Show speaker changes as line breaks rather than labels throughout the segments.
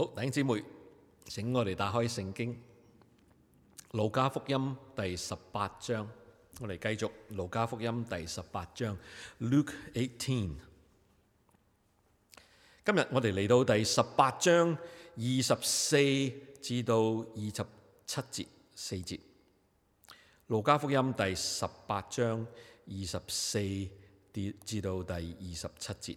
好，弟兄姊妹，請我哋打開聖經《路加福音》第十八章，我哋繼續《路加福音》第十八章 （Luke 18）。今日我哋嚟到第十八章二十四至到二十七節四節，《路加福音》第十八章二十四至到第二十七節。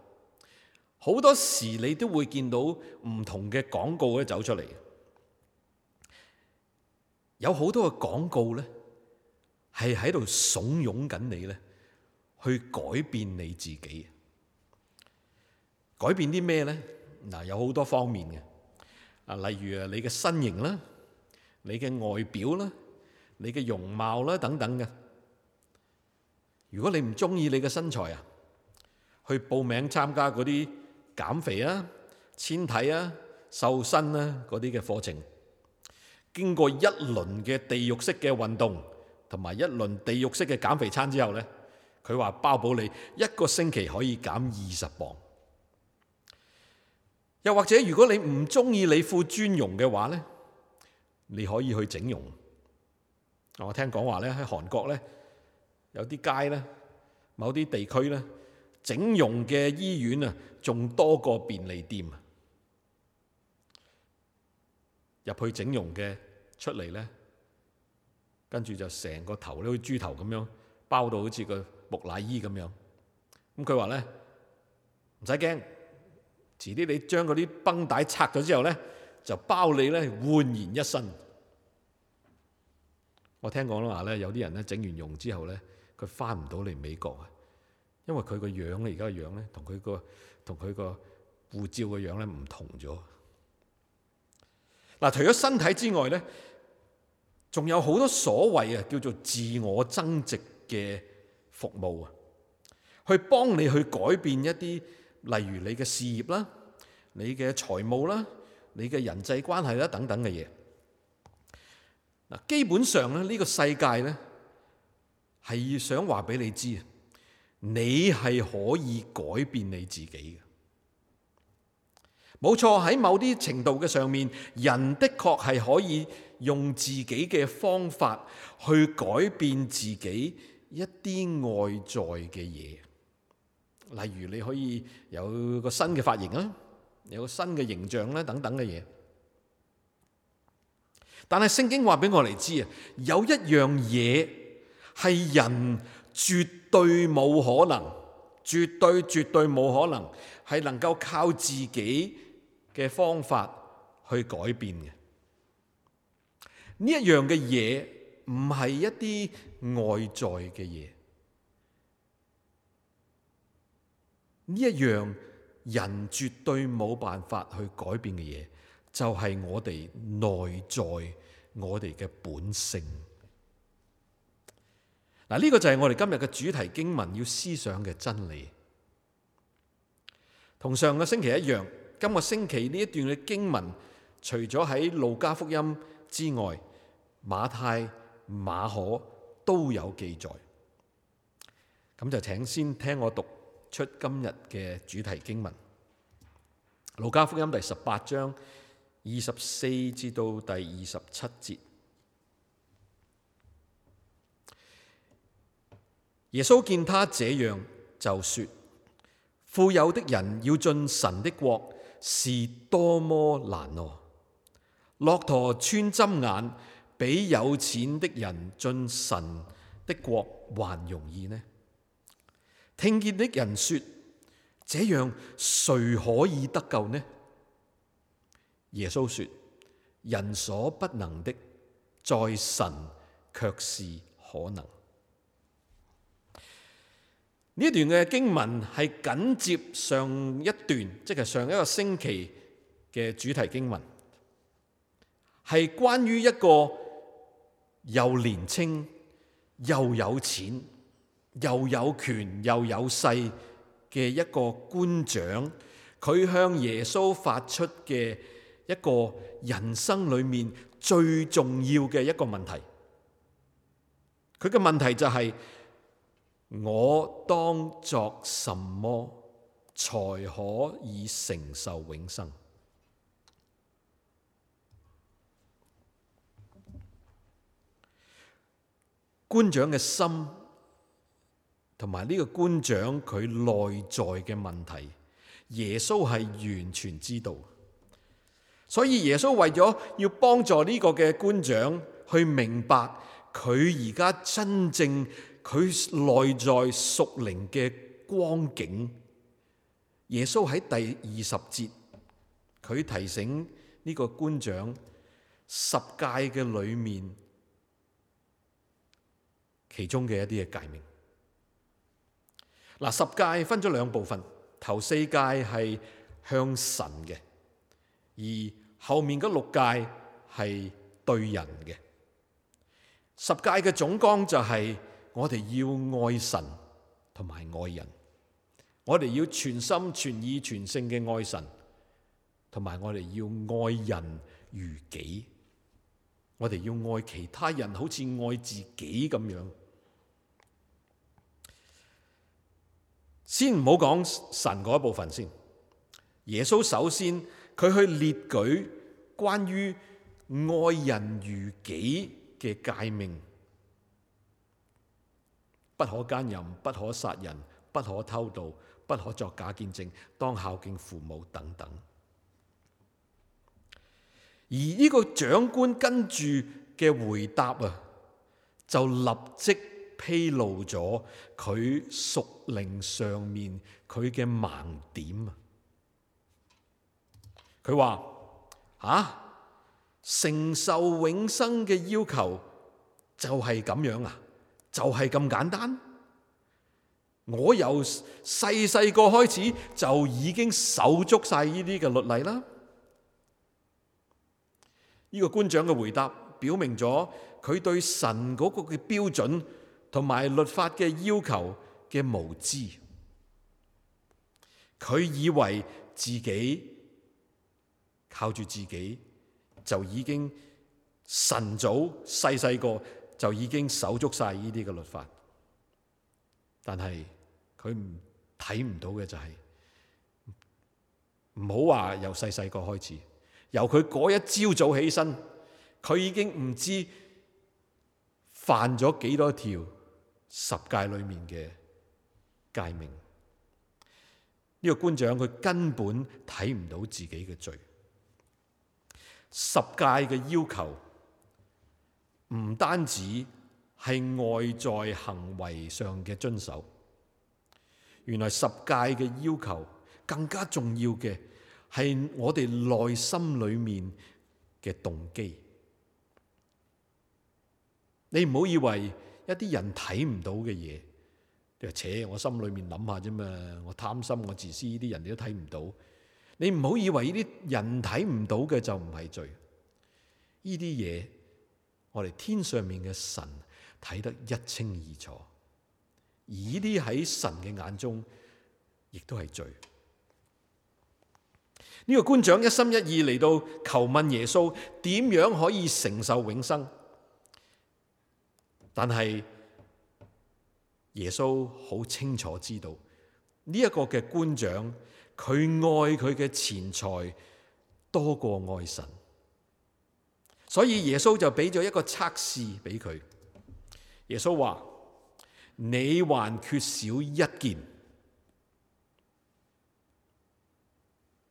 好多時你都會見到唔同嘅廣告咧走出嚟，有好多嘅廣告咧係喺度慫恿緊你咧去改變你自己，改變啲咩咧？嗱，有好多方面嘅，啊，例如啊，你嘅身形啦，你嘅外表啦，你嘅容貌啦等等嘅。如果你唔中意你嘅身材啊，去報名參加嗰啲減肥啊、纖體啊、瘦身啊嗰啲嘅課程，經過一輪嘅地獄式嘅運動同埋一輪地獄式嘅減肥餐之後呢，佢話包保你一個星期可以減二十磅。又或者如果你唔中意你副尊容嘅話呢，你可以去整容。我聽講話呢，喺韓國呢，有啲街呢，某啲地區呢。整容嘅醫院啊，仲多過便利店啊！入去整容嘅出嚟咧，跟住就成個頭咧，好似豬頭咁樣，包到好似個木乃伊咁樣。咁佢話咧，唔使驚，遲啲你將嗰啲繃帶拆咗之後咧，就包你咧，煥然一新。我聽講啦話咧，有啲人咧整完容之後咧，佢翻唔到嚟美國啊！因為佢個樣咧，而家個樣咧，同佢個同佢個護照個樣咧唔同咗。嗱，除咗身體之外咧，仲有好多所謂啊叫做自我增值嘅服務啊，去幫你去改變一啲，例如你嘅事業啦、你嘅財務啦、你嘅人際關係啦等等嘅嘢。嗱，基本上咧，呢個世界咧係想話俾你知啊。你係可以改變你自己嘅，冇錯，喺某啲程度嘅上面，人的確係可以用自己嘅方法去改變自己一啲外在嘅嘢，例如你可以有個新嘅髮型啊，有個新嘅形象啦，等等嘅嘢。但係聖經話俾我哋知啊，有一樣嘢係人絕對冇可能，絕對絕對冇可能係能夠靠自己嘅方法去改變嘅。呢一樣嘅嘢唔係一啲外在嘅嘢，呢一樣人絕對冇辦法去改變嘅嘢，就係我哋內在我哋嘅本性。嗱，呢個就係我哋今日嘅主題經文，要思想嘅真理，同上個星期一樣，今個星期呢一段嘅經文，除咗喺路加福音之外，馬太、馬可都有記載。咁就請先聽我讀出今日嘅主題經文，路加福音第十八章二十四至到第二十七節。耶穌見他這樣，就說：富有的人要進神的國，是多麼難哦、啊！駱駝穿針眼，比有錢的人進神的國還容易呢？聽見的人說：這樣誰可以得救呢？耶穌說：人所不能的，在神卻是可能。呢段嘅經文係緊接上一段，即係上一個星期嘅主題經文，係關於一個又年青、又有錢、又有權、又有勢嘅一個官長，佢向耶穌發出嘅一個人生裏面最重要嘅一個問題。佢嘅問題就係。我當作什麼才可以承受永生？官長嘅心同埋呢個官長佢內在嘅問題，耶穌係完全知道。所以耶穌為咗要幫助呢個嘅官長去明白佢而家真正。佢內在屬靈嘅光景，耶穌喺第二十節，佢提醒呢個官長十戒嘅裏面，其中嘅一啲嘅誡命。嗱，十戒分咗兩部分，頭四戒係向神嘅，而後面嗰六戒係對人嘅。十戒嘅總綱就係、是。我哋要愛神同埋愛人，我哋要全心全意全性嘅愛神，同埋我哋要愛人如己，我哋要愛其他人好似愛自己咁樣。先唔好講神嗰一部分先，耶穌首先佢去列舉關於愛人如己嘅誡命。不可奸淫，不可殺人，不可偷盜，不可作假見證，當孝敬父母等等。而呢個長官跟住嘅回答啊，就立即披露咗佢屬靈上面佢嘅盲點啊。佢話：啊，承受永生嘅要求就係咁樣啊？就係、是、咁簡單，我由細細個開始就已經守足晒呢啲嘅律例啦。呢、這個官長嘅回答表明咗佢對神嗰個嘅標準同埋律法嘅要求嘅無知，佢以為自己靠住自己就已經神早細細個。小小就已經守足曬呢啲嘅律法，但係佢睇唔到嘅就係唔好話由細細個開始，由佢嗰一朝早起身，佢已經唔知犯咗幾多條十誡裏面嘅誡命。呢、呢個官長佢根本睇唔到自己嘅罪，十誡嘅要求。唔單止係外在行為上嘅遵守，原來十戒嘅要求更加重要嘅係我哋內心裏面嘅動機。你唔好以為一啲人睇唔到嘅嘢，你話扯，我心裏面諗下啫嘛，我貪心我自私呢啲人都你都睇唔到。你唔好以為呢啲人睇唔到嘅就唔係罪，呢啲嘢。我哋天上面嘅神睇得一清二楚，而呢啲喺神嘅眼中，亦都係罪。呢個官長一心一意嚟到求問耶穌，點樣可以承受永生？但係耶穌好清楚知道，呢一個嘅官長，佢愛佢嘅錢財多過愛神。所以耶穌就俾咗一個測試俾佢。耶穌話：你還缺少一件，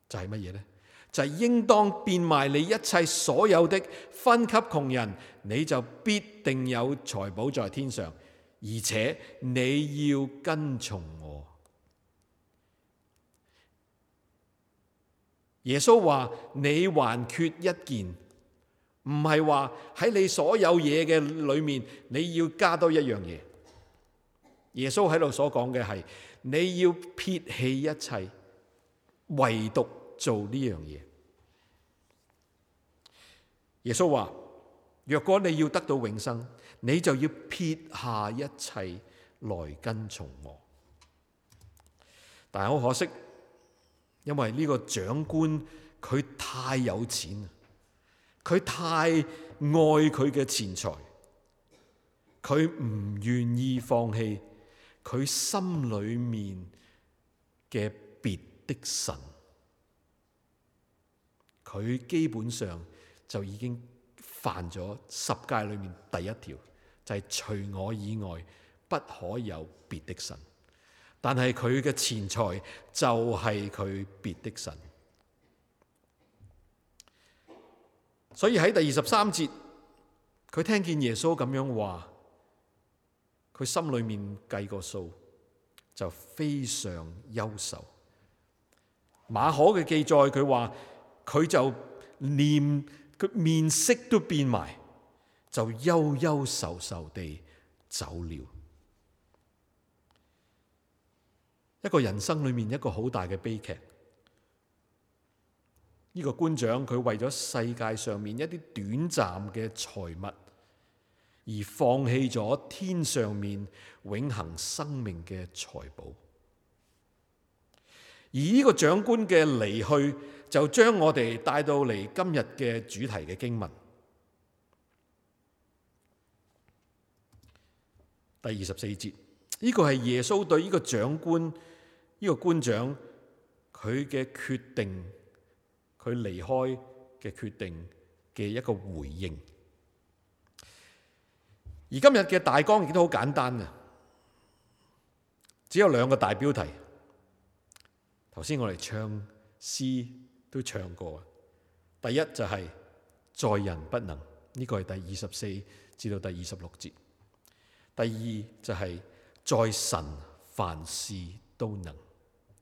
就係乜嘢呢？就係應當變賣你一切所有的，分給窮人，你就必定有財寶在天上。而且你要跟從我。耶穌話：你還缺一件。唔係話喺你所有嘢嘅裏面，你要加多一樣嘢。耶穌喺度所講嘅係，你要撇棄一切，唯獨做呢樣嘢。耶穌話：若果你要得到永生，你就要撇下一切來跟從我。但係好可惜，因為呢個長官佢太有錢。佢太愛佢嘅錢財，佢唔願意放棄佢心裏面嘅別的神，佢基本上就已經犯咗十誡裏面第一條，就係、是、除我以外不可有別的神。但係佢嘅錢財就係佢別的神。所以喺第二十三節，佢聽見耶穌咁樣話，佢心裏面計個數就非常憂愁。馬可嘅記載佢話佢就連佢面色都變埋，就憂憂愁愁地走了。一個人生裏面一個好大嘅悲劇。呢個官長佢為咗世界上面一啲短暫嘅財物而放棄咗天上面永恆生命嘅財寶，而呢個長官嘅離去就將我哋帶到嚟今日嘅主題嘅經文第二十四節。呢個係耶穌對呢個長官呢個官長佢嘅決定。佢離開嘅決定嘅一個回應，而今日嘅大綱亦都好簡單啊！只有兩個大標題。頭先我哋唱詩都唱過，第一就係在人不能，呢個係第二十四至到第二十六節；第二就係在神凡事都能，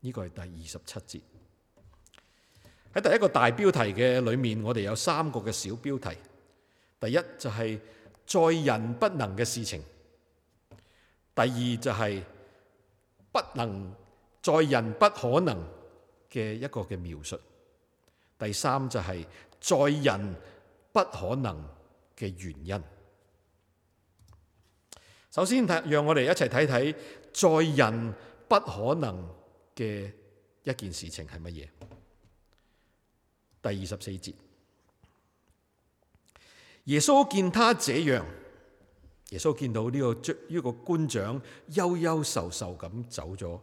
呢個係第二十七節。喺第一個大標題嘅裏面，我哋有三個嘅小標題。第一就係在人不能嘅事情；第二就係不能在人不可能嘅一個嘅描述；第三就係在人不可能嘅原因。首先睇，讓我哋一齊睇睇在人不可能嘅一件事情係乜嘢？第二十四節，耶穌見他這樣，耶穌見到呢個呢個官長憂憂愁愁咁走咗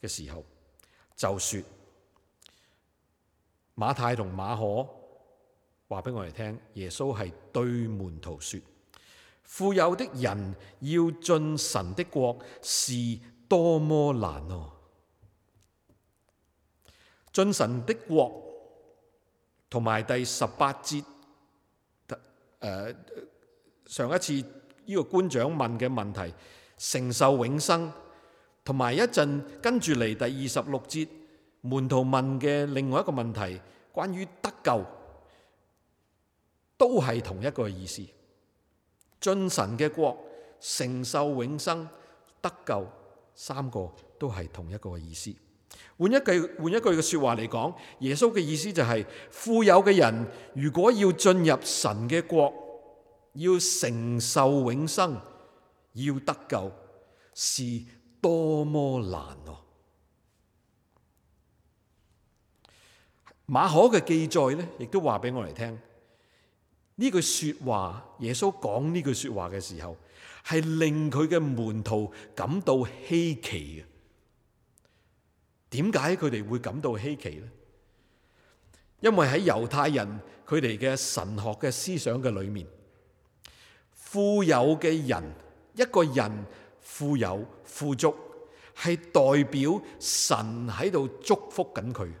嘅時候，就說：馬太同馬可話俾我哋聽，耶穌係對門徒說：富有的人要進神的國，是多麼難哦、啊！進神的國。同埋第十八節，上一次呢個官長問嘅問題，承受永生，同埋一陣跟住嚟第二十六節門徒問嘅另外一個問題，關於得救，都係同一個意思。進神嘅國、承受永生、得救，三個都係同一個意思。換一句換一句嘅說話嚟講，耶穌嘅意思就係、是、富有嘅人如果要進入神嘅國，要承受永生，要得救，是多麼難哦、啊！馬可嘅記載呢亦都話俾我哋聽呢句說話。耶穌講呢句說話嘅時候，係令佢嘅門徒感到稀奇嘅。點解佢哋會感到稀奇呢？因為喺猶太人佢哋嘅神學嘅思想嘅裏面，富有嘅人，一個人富有富足，係代表神喺度祝福緊佢。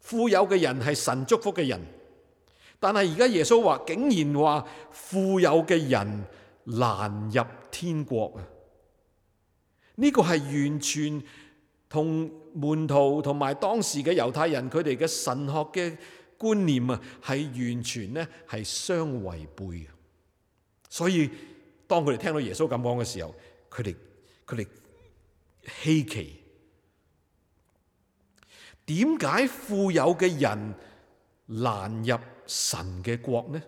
富有嘅人係神祝福嘅人，但係而家耶穌話，竟然話富有嘅人難入天國啊！呢個係完全同門徒同埋當時嘅猶太人佢哋嘅神學嘅觀念啊，係完全咧係相違背嘅。所以當佢哋聽到耶穌咁講嘅時候，佢哋佢哋稀奇，點解富有嘅人難入神嘅國呢？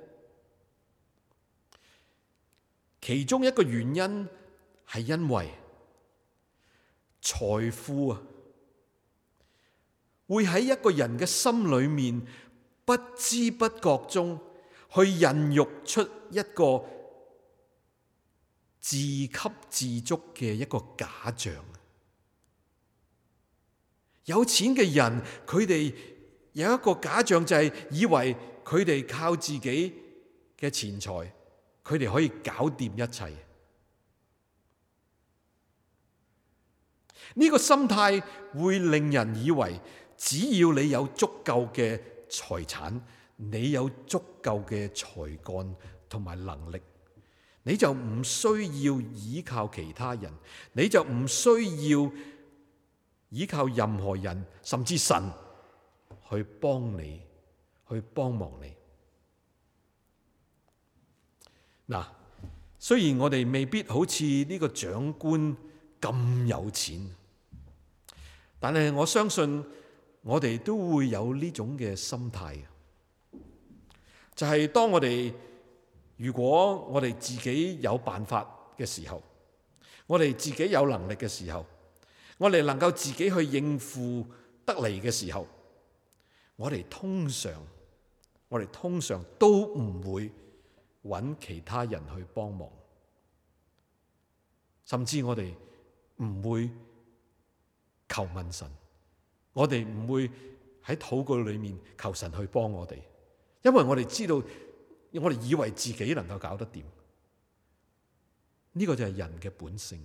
其中一個原因係因為。財富啊，會喺一個人嘅心裏面不知不覺中去孕育出一個自給自足嘅一個假象。有錢嘅人，佢哋有一個假象就係以為佢哋靠自己嘅錢財，佢哋可以搞掂一切。呢、這個心態會令人以為，只要你有足夠嘅財產，你有足夠嘅才幹同埋能力，你就唔需要依靠其他人，你就唔需要依靠任何人，甚至神去幫你去幫忙你。嗱，雖然我哋未必好似呢個長官咁有錢。但係我相信，我哋都會有呢種嘅心態，就係當我哋如果我哋自己有辦法嘅時候，我哋自己有能力嘅時候，我哋能夠自己去應付得嚟嘅時候，我哋通常我哋通常都唔會揾其他人去幫忙，甚至我哋唔會求問神，我哋唔會喺禱告裏面求神去幫我哋，因為我哋知道，我哋以為自己能夠搞得掂。呢、呢個就係人嘅本性，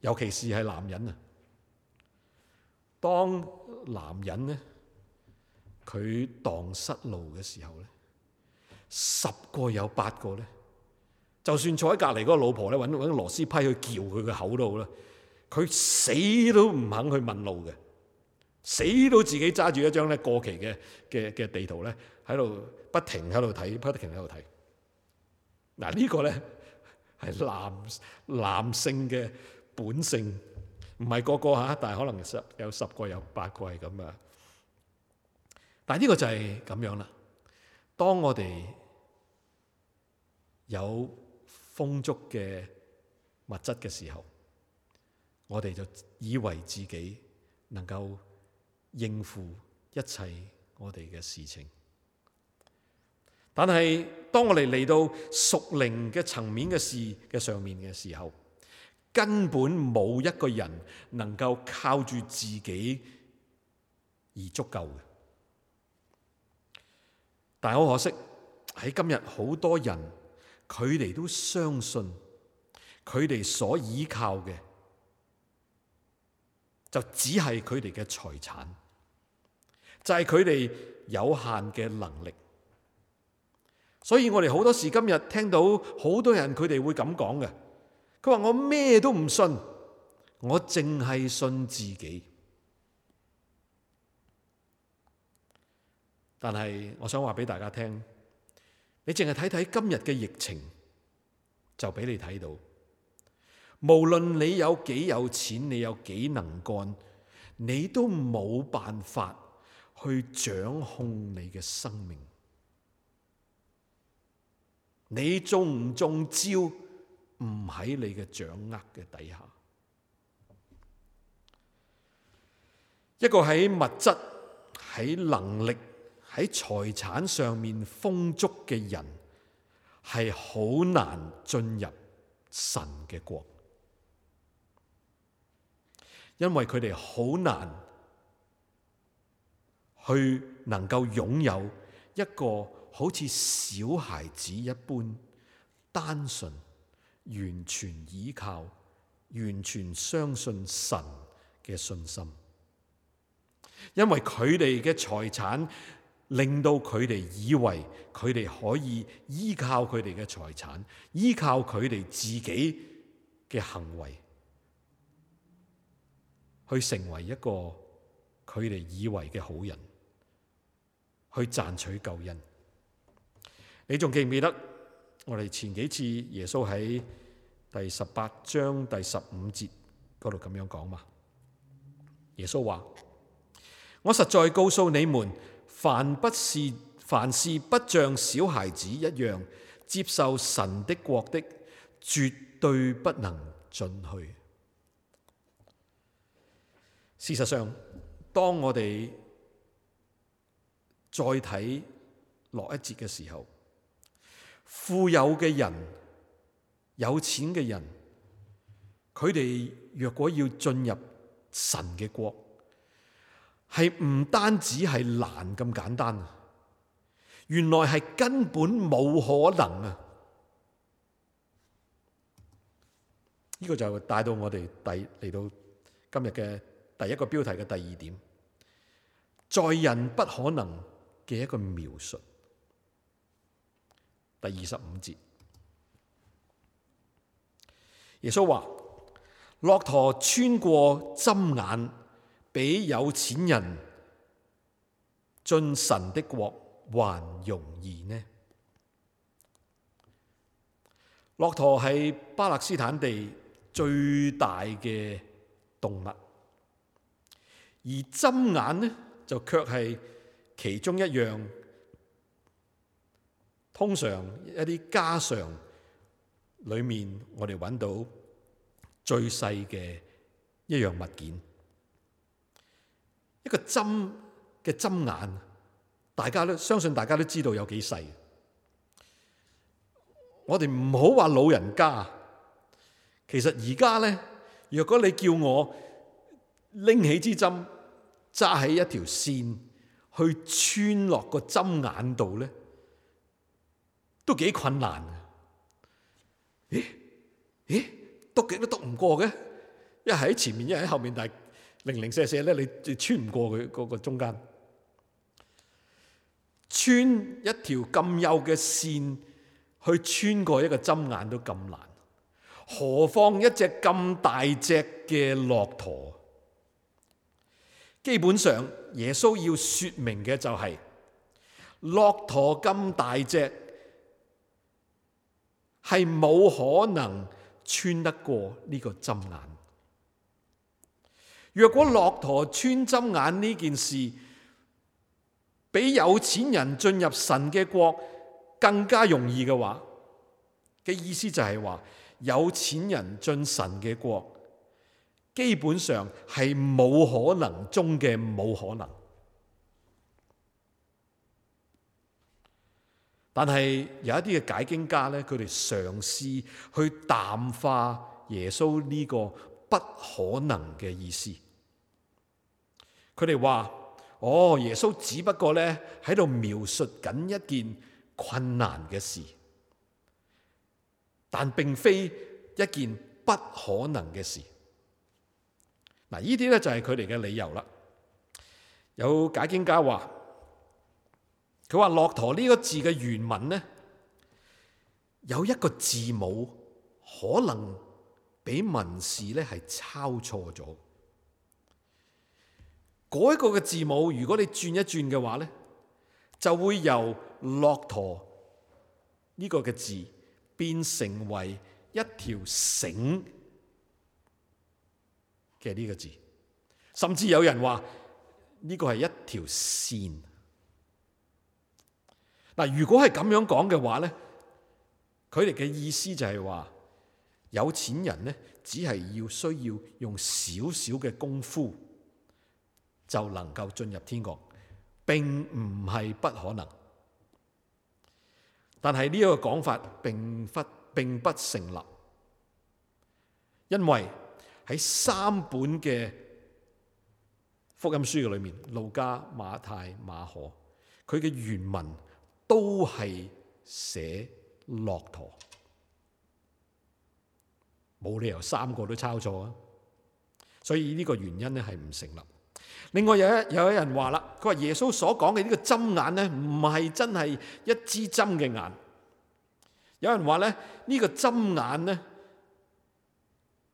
尤其是係男人啊。當男人咧，佢蕩失路嘅時候咧，十個有八個咧，就算坐喺隔籬嗰個老婆咧，搵揾螺絲批去撬佢嘅口度啦。佢死都唔肯去問路嘅，死都自己揸住一張咧過期嘅嘅嘅地圖咧，喺度不停喺度睇，不停喺度睇。嗱，呢個咧係男男性嘅本性，唔係個個吓，但係可能十有十個有八個係咁啊。但係呢個就係咁樣啦。當我哋有豐足嘅物質嘅時候。我哋就以為自己能夠應付一切我哋嘅事情，但係當我哋嚟到屬靈嘅層面嘅事嘅上面嘅時候，根本冇一個人能夠靠住自己而足夠嘅。但係好可惜，喺今日好多人，佢哋都相信佢哋所依靠嘅。就只係佢哋嘅財產，就係佢哋有限嘅能力。所以我哋好多時今日聽到好多人佢哋會咁講嘅，佢話我咩都唔信，我淨係信自己。但係我想話俾大家聽，你淨係睇睇今日嘅疫情，就俾你睇到。無論你有幾有錢，你有幾能幹，你都冇辦法去掌控你嘅生命。你中唔中招，唔喺你嘅掌握嘅底下。一個喺物質、喺能力、喺財產上面豐足嘅人，係好難進入神嘅國。因為佢哋好難去能夠擁有一個好似小孩子一般單純、完全依靠、完全相信神嘅信心。因為佢哋嘅財產令到佢哋以為佢哋可以依靠佢哋嘅財產，依靠佢哋自己嘅行為，去成為一個佢哋以為嘅好人，去賺取救恩。你仲記唔記得我哋前幾次耶穌喺第十八章第十五節嗰度咁樣講嘛？耶穌話：我實在告訴你們，凡不是凡事不像小孩子一樣接受神的國的，絕對不能進去。事實上，當我哋再睇落一節嘅時候，富有嘅人、有錢嘅人，佢哋若果要進入神嘅國，係唔單止係難咁簡單啊！原來係根本冇可能啊！呢個就帶到我哋第嚟到今日嘅。第一個標題嘅第二點，在人不可能嘅一個描述。第二十五節，耶穌話：駱駝穿過針眼，比有錢人進神的國還容易呢。駱駝係巴勒斯坦地最大嘅動物。而針眼呢，就卻係其中一樣，通常一啲家常裏面，我哋揾到最細嘅一樣物件，一個針嘅針眼，大家都相信大家都知道有幾細。我哋唔好話老人家，其實而家呢，如果你叫我。拎起支針，揸喺一條線去穿落個針眼度咧，都幾困難嘅、啊。咦咦，篤極都篤唔過嘅，一係喺前面，一係喺後面，但係零零四四咧，你就穿唔過佢嗰個中間穿一條咁幼嘅線去穿過一個針眼都咁難，何況一隻咁大隻嘅駱駝？基本上耶穌要說明嘅就係、是、駱駝咁大隻係冇可能穿得過呢個針眼。若果駱駝穿針眼呢件事比有錢人進入神嘅國更加容易嘅話，嘅意思就係話有錢人進神嘅國。基本上係冇可能中嘅冇可能，但係有一啲嘅解經家咧，佢哋嘗試去淡化耶穌呢個不可能嘅意思。佢哋話：「哦，耶穌只不過咧喺度描述緊一件困難嘅事，但並非一件不可能嘅事。」嗱，呢啲咧就係佢哋嘅理由啦。有解經家話，佢話駱駝呢個字嘅原文呢，有一個字母可能俾文士呢係抄錯咗。嗰一個嘅字母，如果你轉一轉嘅話呢，就會由駱駝呢個嘅字變成為一條繩。其實呢個字，甚至有人話呢個係一條線。嗱，如果係咁樣講嘅話呢，佢哋嘅意思就係話有錢人呢，只係要需要用少少嘅功夫，就能夠進入天國，並唔係不可能。但係呢一個講法並不並不成立，因為喺三本嘅福音書嘅裏面，路加、馬太、馬可，佢嘅原文都係寫駱駝，冇理由三個都抄錯啊！所以呢個原因咧係唔成立。另外有一有一人話啦，佢話耶穌所講嘅呢個針眼咧，唔係真係一支針嘅眼。有人話咧呢個針眼咧。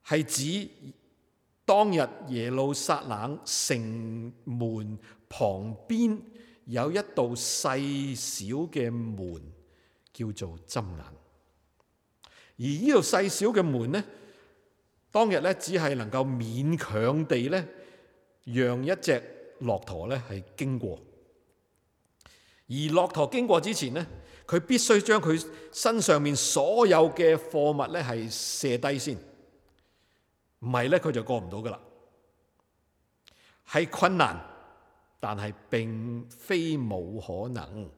係指當日耶路撒冷城門旁邊有一道細小嘅門，叫做針眼。而呢度細小嘅門呢，當日呢，只係能夠勉強地呢，讓一隻駱駝呢係經過。而駱駝經過之前呢，佢必須將佢身上面所有嘅貨物呢係卸低先。唔係咧，佢就過唔到㗎喇。係困難，但係並非冇可能。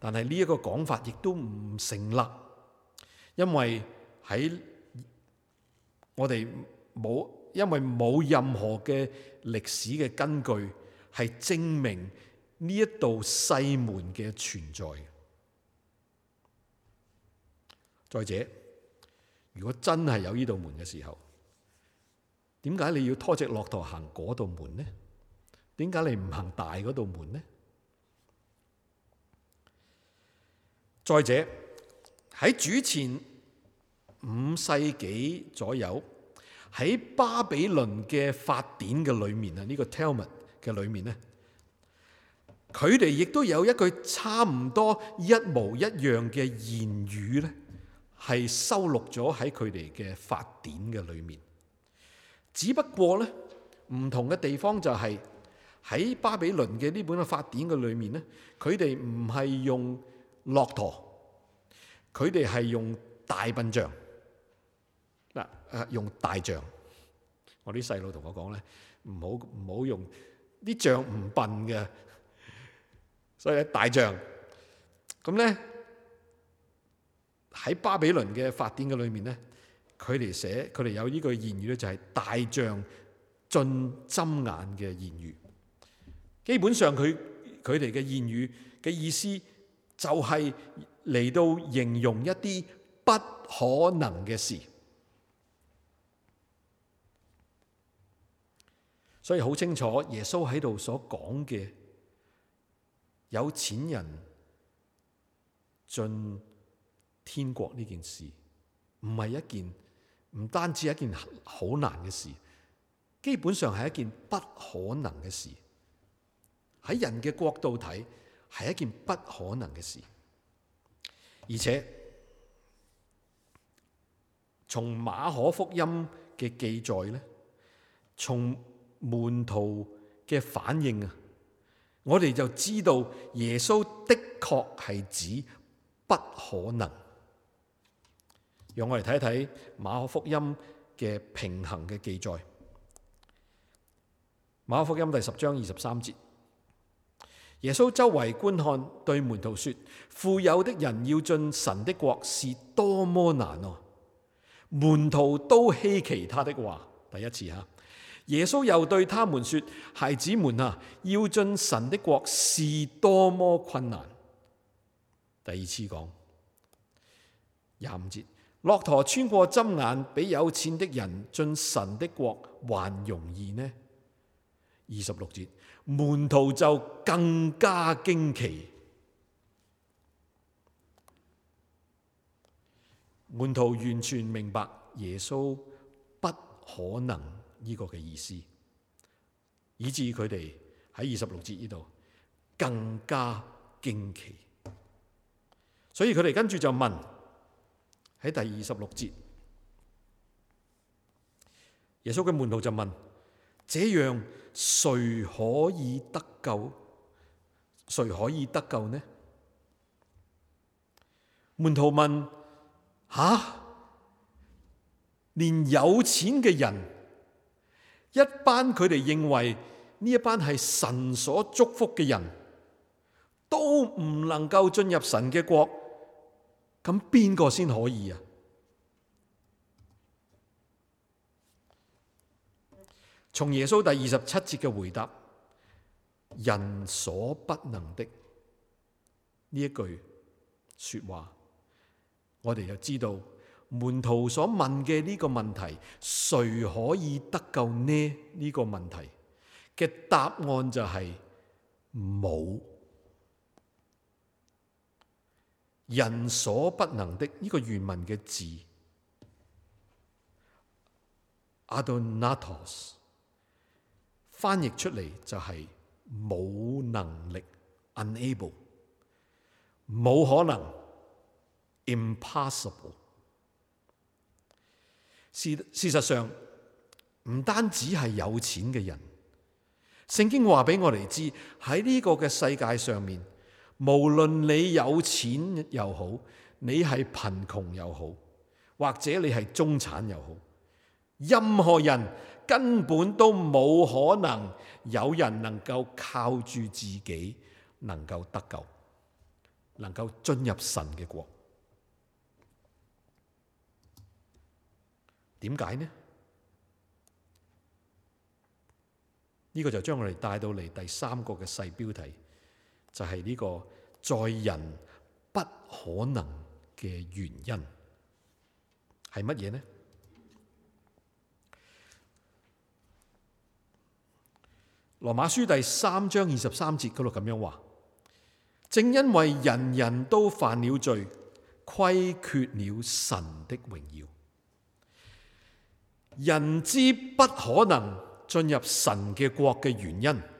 但係呢一個講法亦都唔成立，因為喺我哋冇，因為冇任何嘅歷史嘅根據係證明呢一道細門嘅存在。再者，如果真係有呢道門嘅時候，點解你要拖隻駱駝行嗰道門呢？點解你唔行大嗰道門呢？再者喺主前五世紀左右，喺巴比倫嘅法典嘅裏面啊，呢、這個 Talmud 嘅裏面呢，佢哋亦都有一句差唔多一模一樣嘅言語咧。係收錄咗喺佢哋嘅法典嘅裏面，只不過咧唔同嘅地方就係喺巴比倫嘅呢本嘅法典嘅裏面咧，佢哋唔係用駱駝，佢哋係用大笨象嗱，誒用大象。我啲細路同我講咧，唔好唔好用啲象唔笨嘅，所以咧大象咁咧。喺巴比倫嘅法典嘅裏面呢，佢哋寫，佢哋有呢句諺語咧，就係大象進針眼嘅言語。基本上佢佢哋嘅言語嘅意思就係嚟到形容一啲不可能嘅事。所以好清楚耶穌喺度所講嘅，有錢人進天國呢件事唔係一件，唔單止一件好難嘅事，基本上係一件不可能嘅事。喺人嘅角度睇，係一件不可能嘅事。而且從馬可福音嘅記載咧，從門徒嘅反應啊，我哋就知道耶穌的確係指不可能。讓我嚟睇睇馬可福音嘅平衡嘅記載。馬可福音第十章二十三節，耶穌周圍觀看，對門徒說：富有的人要進神的國是多麼難哦啊！門徒都稀奇他的話。第一次哈，耶穌又對他們說：孩子們啊，要進神的國是多麼困難。第二次講廿五節。駱駝穿過針眼，比有錢的人進神的國還容易呢？二十六節，門徒就更加驚奇。門徒完全明白耶穌不可能呢個嘅意思，以至佢哋喺二十六節呢度更加驚奇。所以佢哋跟住就問。喺第二十六節，耶穌嘅門徒就問：這樣誰可以得救？誰可以得救呢？門徒問：吓、啊，連有錢嘅人，一班佢哋認為呢一班係神所祝福嘅人都唔能夠進入神嘅國？咁邊個先可以啊？從耶穌第二十七節嘅回答，人所不能的呢一句說話，我哋就知道門徒所問嘅呢個問題，誰可以得救呢？呢、呢個問題嘅答案就係、係、冇。人所不能的呢、這個原文嘅字，Adonatos 翻譯出嚟就係、是、冇能力，unable 冇可能，impossible。事事實上唔單止係有錢嘅人，聖經話俾我哋知喺呢個嘅世界上面。無論你有錢又好，你係貧窮又好，或者你係中產又好，任何人根本都冇可能，有人能夠靠住自己能夠得救，能夠進入神嘅國。點解呢？呢個就將我哋帶到嚟第三個嘅細標題。就係、是、呢個在人不可能嘅原因係乜嘢呢？羅馬書第三章二十三節嗰度咁樣話：正因為人人都犯了罪，虧缺了神的榮耀，人之不可能進入神嘅國嘅原因。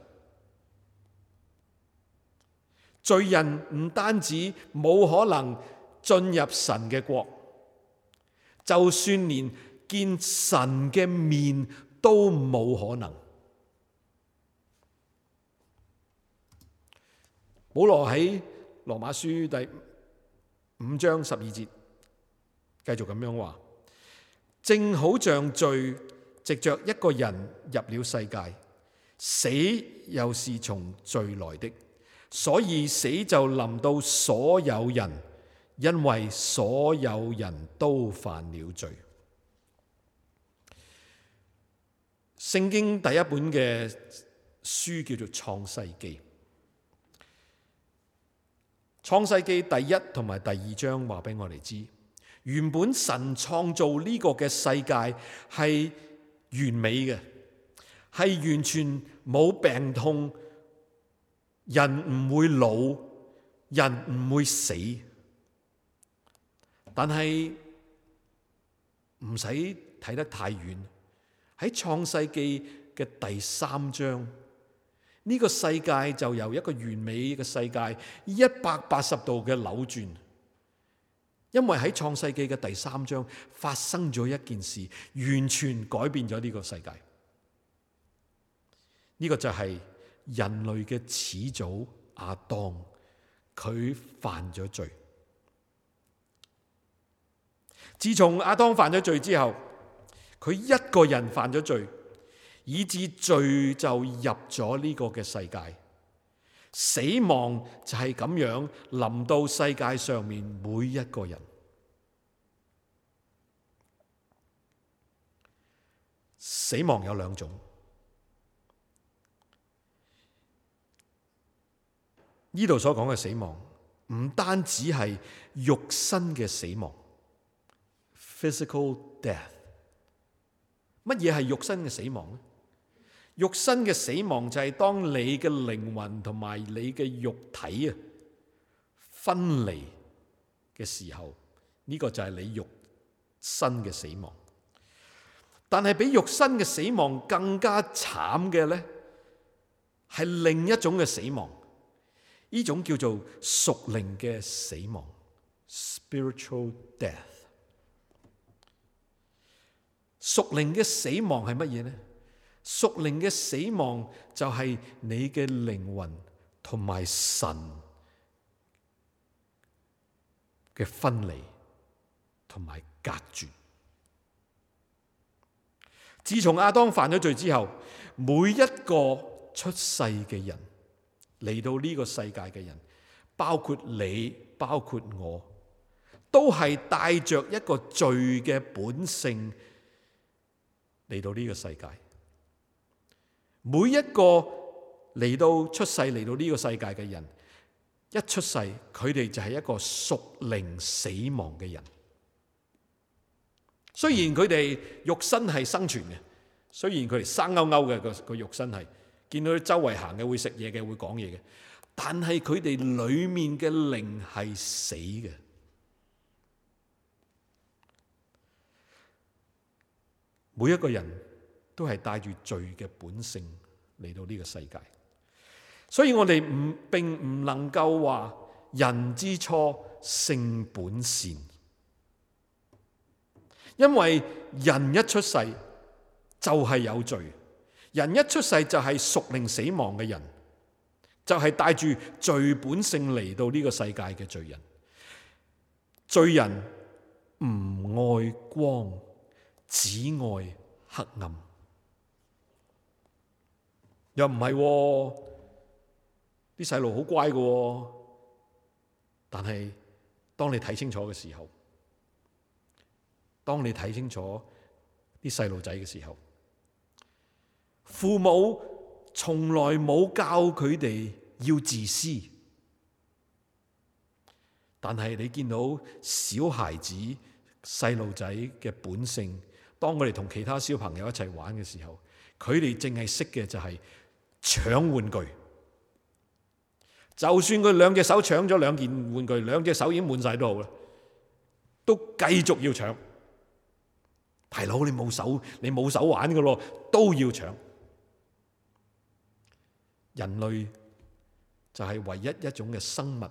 罪人唔單止冇可能進入神嘅國，就算連見神嘅面都冇可能。保羅喺羅馬書第五章十二節繼續咁樣話：正好像罪藉着一個人入了世界，死又是從罪來的。所以死就臨到所有人，因為所有人都犯了罪。聖經第一本嘅書叫做《創世記》，創世記第一同埋第二章話俾我哋知，原本神創造呢個嘅世界係完美嘅，係完全冇病痛。人唔會老，人唔會死，但係唔使睇得太遠。喺創世記嘅第三章，呢、這個世界就由一個完美嘅世界一百八十度嘅扭轉，因為喺創世記嘅第三章發生咗一件事，完全改變咗呢個世界。呢、這個就係、是。人類嘅始祖阿當，佢犯咗罪。自從阿當犯咗罪之後，佢一個人犯咗罪，以致罪就入咗呢個嘅世界，死亡就係咁樣臨到世界上面每一個人。死亡有兩種。呢度所講嘅死亡唔單止係肉身嘅死亡，physical death。乜嘢係肉身嘅死亡咧？肉身嘅死亡就係當你嘅靈魂同埋你嘅肉體啊分離嘅時候，呢個就係你肉身嘅死亡。但係比肉身嘅死亡更加慘嘅咧，係另一種嘅死亡。呢種叫做屬靈嘅死亡 （spiritual death）。屬靈嘅死亡係乜嘢呢？屬靈嘅死亡就係你嘅靈魂同埋神嘅分離同埋隔絕。自從亞當犯咗罪之後，每一個出世嘅人，嚟到呢個世界嘅人，包括你，包括我，都係帶着一個罪嘅本性嚟到呢個世界。每一個嚟到出世、嚟到呢個世界嘅人，一出世，佢哋就係一個屬靈死亡嘅人。雖然佢哋肉身係生存嘅，雖然佢哋生勾勾嘅個個肉身係。見到佢周圍行嘅，會食嘢嘅，會講嘢嘅，但係佢哋裏面嘅靈係死嘅。每一個人都係帶住罪嘅本性嚟到呢個世界，所以我哋唔並唔能夠話人之初性本善，因為人一出世就係有罪。人一出世就係屬靈死亡嘅人，就係帶住罪本性嚟到呢個世界嘅罪人。罪人唔愛光，只愛黑暗。又唔係喎，啲細路好乖㗎喎。但係當你睇清楚嘅時候，當你睇清楚啲細路仔嘅時候。父母從來冇教佢哋要自私，但係你見到小孩子細路仔嘅本性，當佢哋同其他小朋友一齊玩嘅時候，佢哋淨係識嘅就係搶玩具。就算佢兩隻手搶咗兩件玩具，兩隻手已經滿晒都好啦，都繼續要搶。大佬，你冇手，你冇手玩㗎咯，都要搶。人類就係唯一一種嘅生物。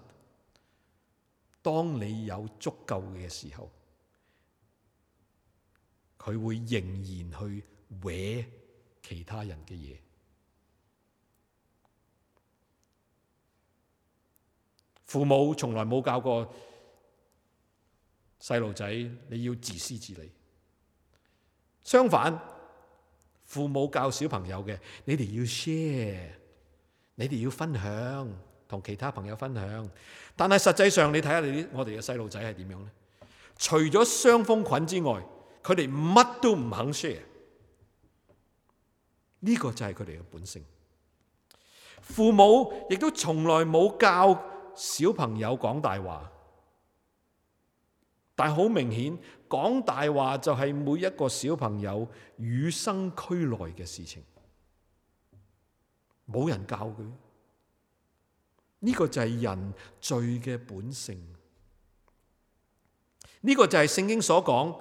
當你有足夠嘅時候，佢會仍然去搲其他人嘅嘢。父母從來冇教過細路仔你要自私自利，相反，父母教小朋友嘅，你哋要 share。你哋要分享，同其他朋友分享，但係實際上你睇下你我哋嘅細路仔係點樣咧？除咗傷風菌之外，佢哋乜都唔肯 share，呢個就係佢哋嘅本性。父母亦都從來冇教小朋友講大話，但好明顯講大話就係每一個小朋友與生俱來嘅事情。冇人教佢，呢個就係人罪嘅本性。呢個就係聖經所講，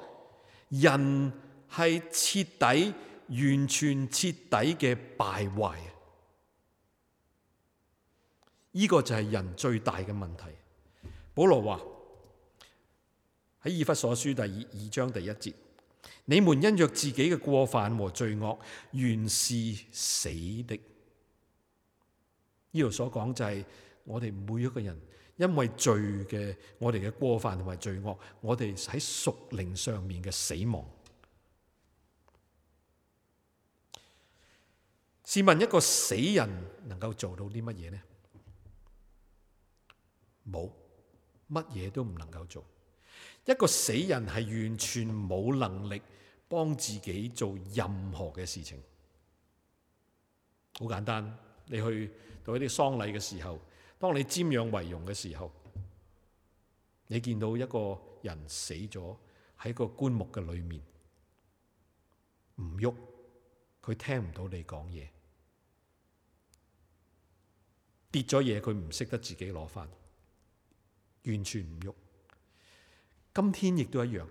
人係徹底、完全、徹底嘅敗壞。呢個就係人最大嘅問題。保羅話喺以弗所書第二二章第一節：你們因着自己嘅過犯和罪惡，原是死的。呢度所講就係我哋每一個人，因為罪嘅我哋嘅過犯同埋罪惡，我哋喺屬靈上面嘅死亡。試問一個死人能夠做到啲乜嘢呢？冇，乜嘢都唔能夠做。一個死人係完全冇能力幫自己做任何嘅事情。好簡單，你去。喺啲喪禮嘅時候，當你瞻仰遺容嘅時候，你見到一個人死咗喺個棺木嘅裏面，唔喐，佢聽唔到你講嘢，跌咗嘢，佢唔識得自己攞翻，完全唔喐。今天亦都一樣，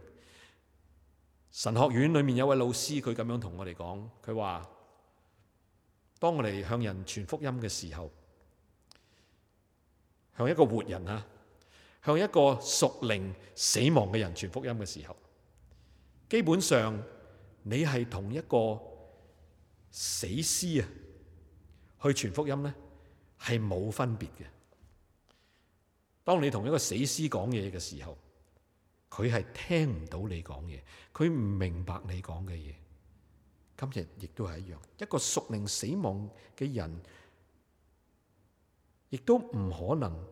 神學院裏面有位老師他這，佢咁樣同我哋講，佢話。當我哋向人傳福音嘅時候，向一個活人啊，向一個屬靈死亡嘅人傳福音嘅時候，基本上你係同一個死屍啊去傳福音呢，係冇分別嘅。當你同一個死屍講嘢嘅時候，佢係聽唔到你講嘢，佢唔明白你講嘅嘢。今日亦都係一樣，一個屬靈死亡嘅人，亦都唔可能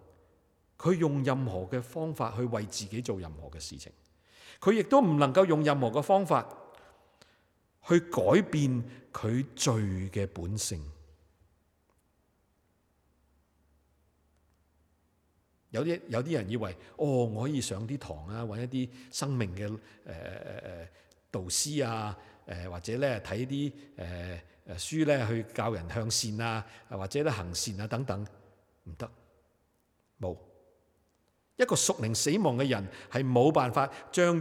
佢用任何嘅方法去為自己做任何嘅事情。佢亦都唔能夠用任何嘅方法去改變佢罪嘅本性。有啲有啲人以為，哦，我可以上啲堂啊，搵一啲生命嘅誒誒誒導師啊。誒或者咧睇啲誒誒書咧去教人向善啊，或者咧行善啊等等，唔得，冇一個屬靈死亡嘅人係冇辦法將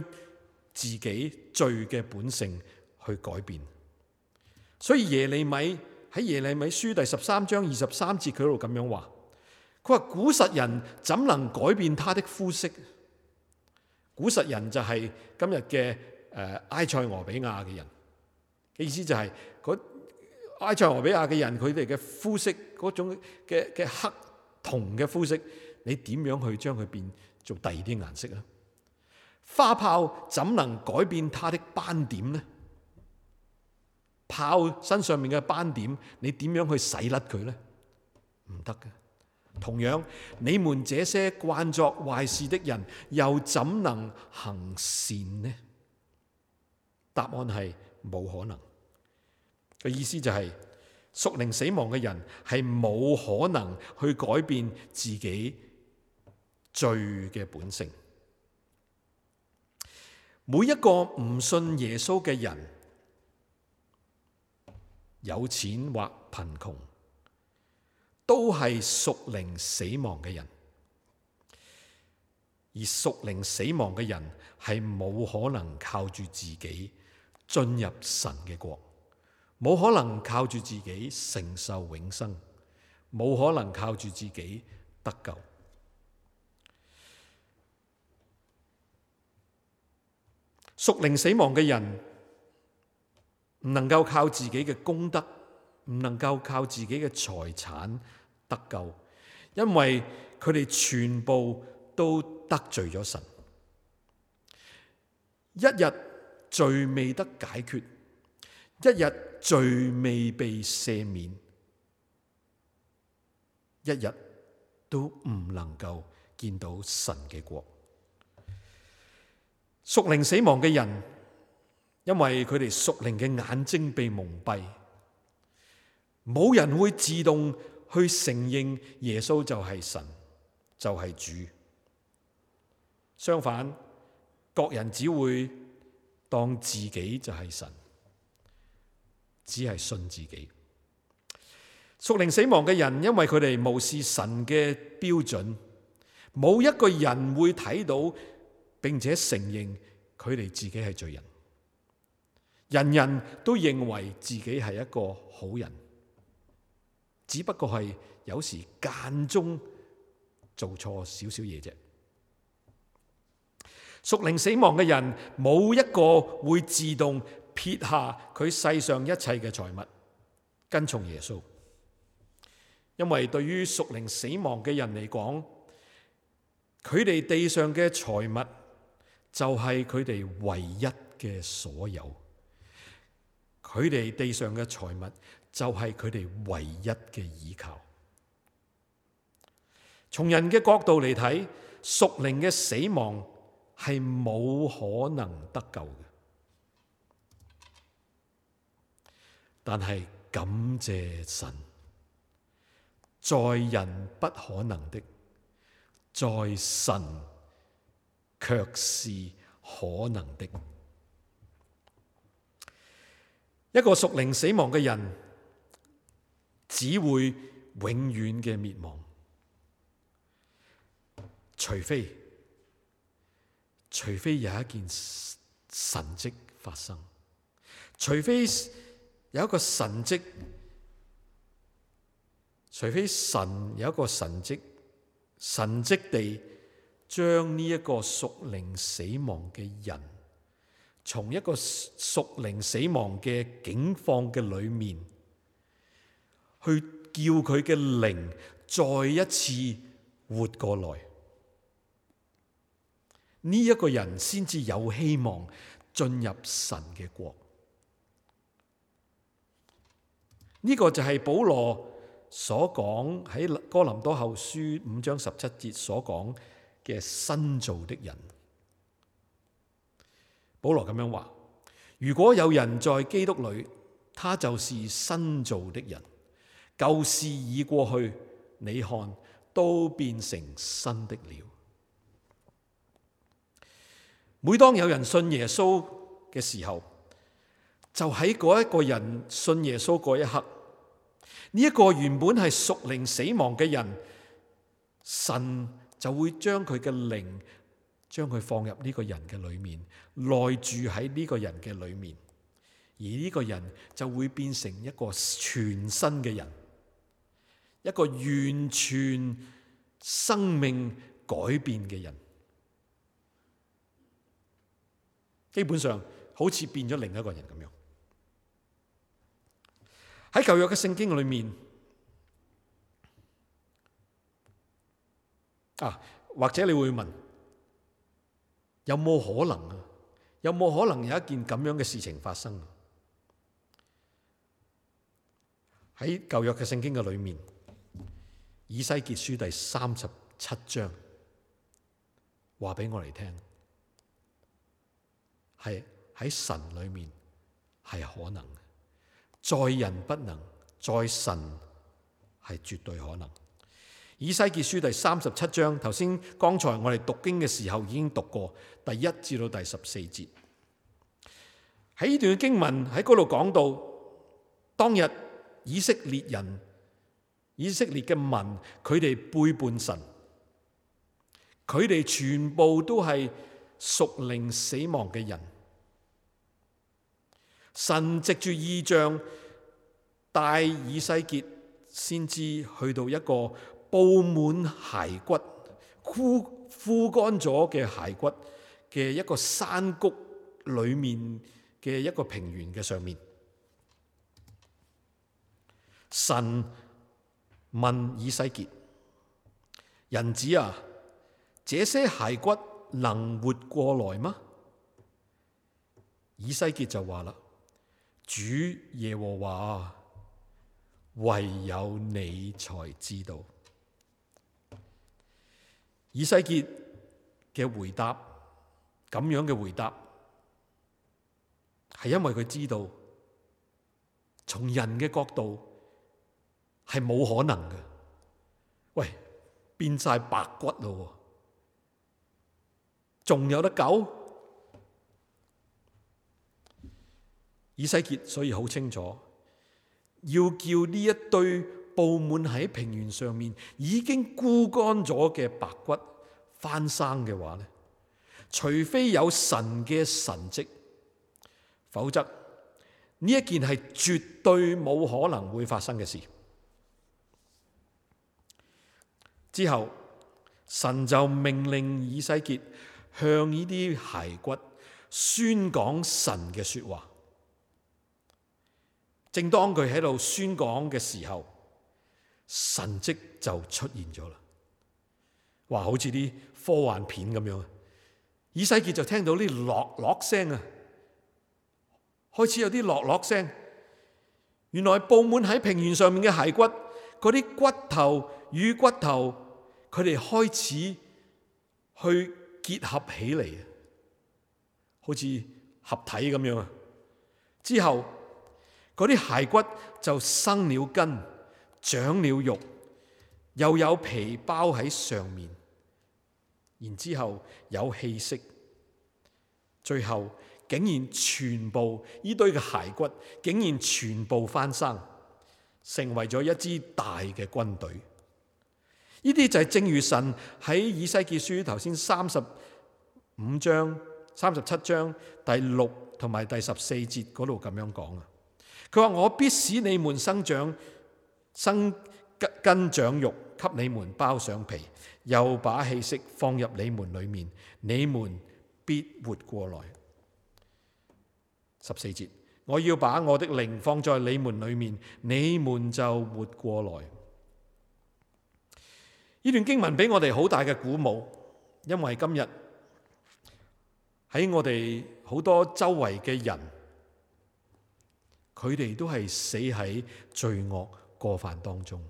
自己罪嘅本性去改變。所以耶利米喺耶利米書第十三章二十三節佢喺度咁樣話：佢話古實人怎能改變他的膚色？古實人就係今日嘅誒埃塞俄比亞嘅人。意思就係、是、嗰埃塞俄比亞嘅人，佢哋嘅膚色嗰種嘅嘅黑銅嘅膚色，你點樣去將佢變做第二啲顏色啊？花豹怎能改變它的斑點呢？豹身上面嘅斑點，你點樣去洗甩佢呢？唔得嘅。同樣，你們這些慣作壞事的人，又怎能行善呢？答案係冇可能。嘅意思就係、是、屬靈死亡嘅人係冇可能去改變自己罪嘅本性。每一個唔信耶穌嘅人，有錢或貧窮，都係屬靈死亡嘅人。而屬靈死亡嘅人係冇可能靠住自己進入神嘅國。冇可能靠住自己承受永生，冇可能靠住自己得救。屬靈死亡嘅人唔能夠靠自己嘅功德，唔能夠靠自己嘅財產得救，因為佢哋全部都得罪咗神。一日罪未得解決，一日。罪未被赦免，一日都唔能夠見到神嘅國。屬靈死亡嘅人，因為佢哋屬靈嘅眼睛被蒙蔽，冇人會自動去承認耶穌就係神，就係主。相反，各人只會當自己就係神。只係信自己。屬靈死亡嘅人，因為佢哋無視神嘅標準，冇一個人會睇到並且承認佢哋自己係罪人。人人都認為自己係一個好人，只不過係有時間中做錯少少嘢啫。屬靈死亡嘅人，冇一個會自動，撇下佢世上一切嘅財物，跟從耶穌，因為對於屬靈死亡嘅人嚟講，佢哋地上嘅財物就係佢哋唯一嘅所有，佢哋地上嘅財物就係佢哋唯一嘅依靠。從人嘅角度嚟睇，屬靈嘅死亡係冇可能得救嘅。但係感謝神，在人不可能的，在神卻是可能的。一個屬靈死亡嘅人，只會永遠嘅滅亡，除非，除非有一件神蹟發生，除非。有一個神迹，除非神有一個神迹，神迹地將呢一個屬靈死亡嘅人，從一個屬靈死亡嘅境況嘅裏面，去叫佢嘅靈再一次活過來，呢、這、一個人先至有希望進入神嘅國。呢、這個就係保羅所講喺哥林多後書五章十七節所講嘅新造的人。保羅咁樣話：如果有人在基督裏，他就是新造的人。舊事已過去，你看都變成新的了。每當有人信耶穌嘅時候，就喺嗰一個人信耶穌嗰一刻。呢一個原本係屬靈死亡嘅人，神就會將佢嘅靈，將佢放入呢個人嘅裏面，內住喺呢個人嘅裏面，而呢個人就會變成一個全新嘅人，一個完全生命改變嘅人，基本上好似變咗另一個人咁樣。喺舊約嘅聖經裏面啊，或者你會問，有冇可能啊？有冇可能有一件咁樣嘅事情發生？喺舊約嘅聖經嘅裏面，以西結書第三十七章話俾我哋聽，係喺神裏面係可能。在人不能，在神係絕對可能。以西結書第三十七章，頭先剛才我哋讀經嘅時候已經讀過第一至到第十四節。喺呢段經文喺嗰度講到，當日以色列人、以色列嘅民，佢哋背叛神，佢哋全部都係屬靈死亡嘅人。神藉住異象帶以西結，先知去到一個布滿骸骨、枯枯乾咗嘅骸骨嘅一個山谷裏面嘅一個平原嘅上面。神問以西結：人子啊，這些骸骨能活過來嗎？以西結就話啦。主耶和華唯有你才知道。以西結嘅回答，咁樣嘅回答，係因為佢知道，從人嘅角度係冇可能嘅。喂，變晒白骨咯，仲有得救？以西結所以好清楚，要叫呢一堆佈滿喺平原上面已經枯乾咗嘅白骨翻生嘅話呢，除非有神嘅神蹟，否則呢一件係絕對冇可能會發生嘅事。之後神就命令以西結向呢啲骸骨宣講神嘅說話。正當佢喺度宣講嘅時候，神蹟就出現咗啦！哇，好似啲科幻片咁樣啊！以西結就聽到啲落落聲啊，開始有啲落落聲。原來布滿喺平原上面嘅骸骨，嗰啲骨頭與骨頭，佢哋開始去結合起嚟啊，好似合體咁樣啊！之後，嗰啲骸骨就生了根，長了肉，又有皮包喺上面，然之後有氣息，最後竟然全部呢堆嘅骸骨竟然全部翻生，成為咗一支大嘅軍隊。呢啲就係正如神喺以西結書頭先三十五章三十七章第六同埋第十四節嗰度咁樣講啊。佢話：我必使你們生長、生根長肉，給你們包上皮，又把氣息放入你們裏面，你們必活過來。十四節，我要把我的靈放在你們裏面，你們就活過來。呢段經文俾我哋好大嘅鼓舞，因為今日喺我哋好多周圍嘅人。佢哋都係死喺罪惡過犯當中，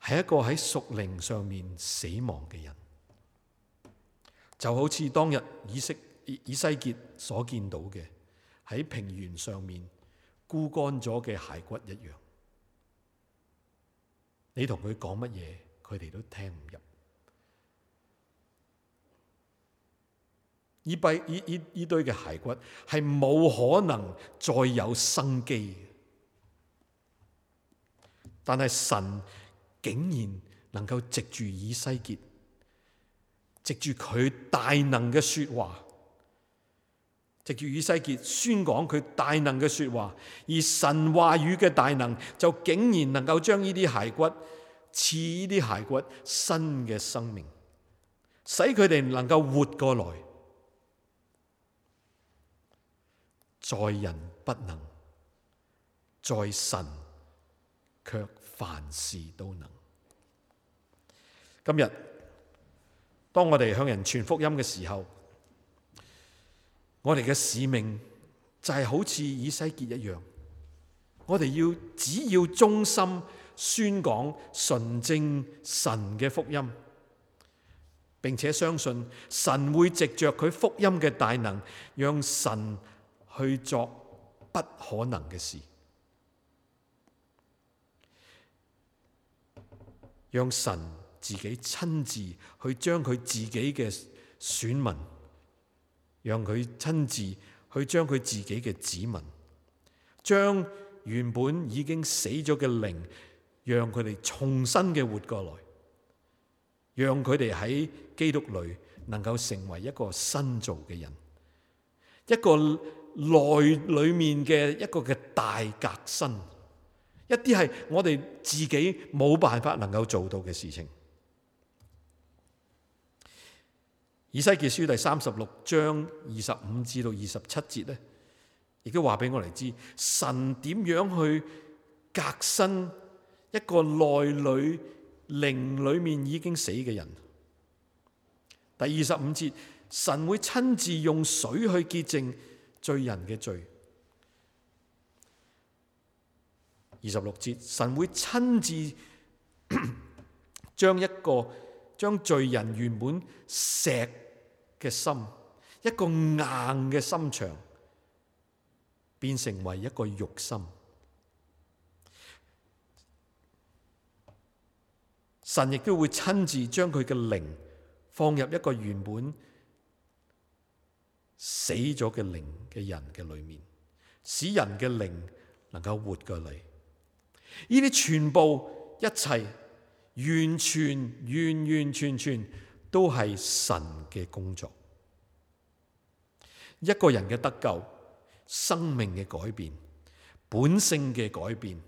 係一個喺屬靈上面死亡嘅人，就好似當日以色以，以西結所見到嘅喺平原上面枯乾咗嘅骸骨一樣，你同佢講乜嘢，佢哋都聽唔入。以拜以呢以堆嘅骸骨係冇可能再有生機嘅，但係神竟然能夠藉住以西結，藉住佢大能嘅說話，藉住以西結宣講佢大能嘅說話，而神話語嘅大能就竟然能夠將呢啲骸骨賜呢啲骸骨新嘅生命，使佢哋能夠活過來。在人不能，在神卻凡事都能。今日當我哋向人傳福音嘅時候，我哋嘅使命就係好似以西結一樣，我哋要只要忠心宣講純正神嘅福音，並且相信神會藉著佢福音嘅大能，讓神。去做不可能嘅事，讓神自己親自去將佢自己嘅選民，讓佢親自去將佢自己嘅子民，將原本已經死咗嘅靈，讓佢哋重新嘅活過來，讓佢哋喺基督裏能夠成為一個新造嘅人，一個。內裏面嘅一個嘅大革新，一啲係我哋自己冇辦法能夠做到嘅事情。以西結書第三十六章二十五至到二十七節呢，亦都話俾我哋知神點樣去革新一個內裏靈裏面已經死嘅人。第二十五節，神會親自用水去潔淨。罪人嘅罪，二十六節，神會親自將一個將罪人原本石嘅心，一個硬嘅心腸，變成為一個肉心。神亦都會親自將佢嘅靈放入一個原本。死咗嘅靈嘅人嘅裏面，使人嘅靈能夠活過嚟，呢啲全部一切完全完完全全都係神嘅工作。一個人嘅得救、生命嘅改變、本性嘅改變，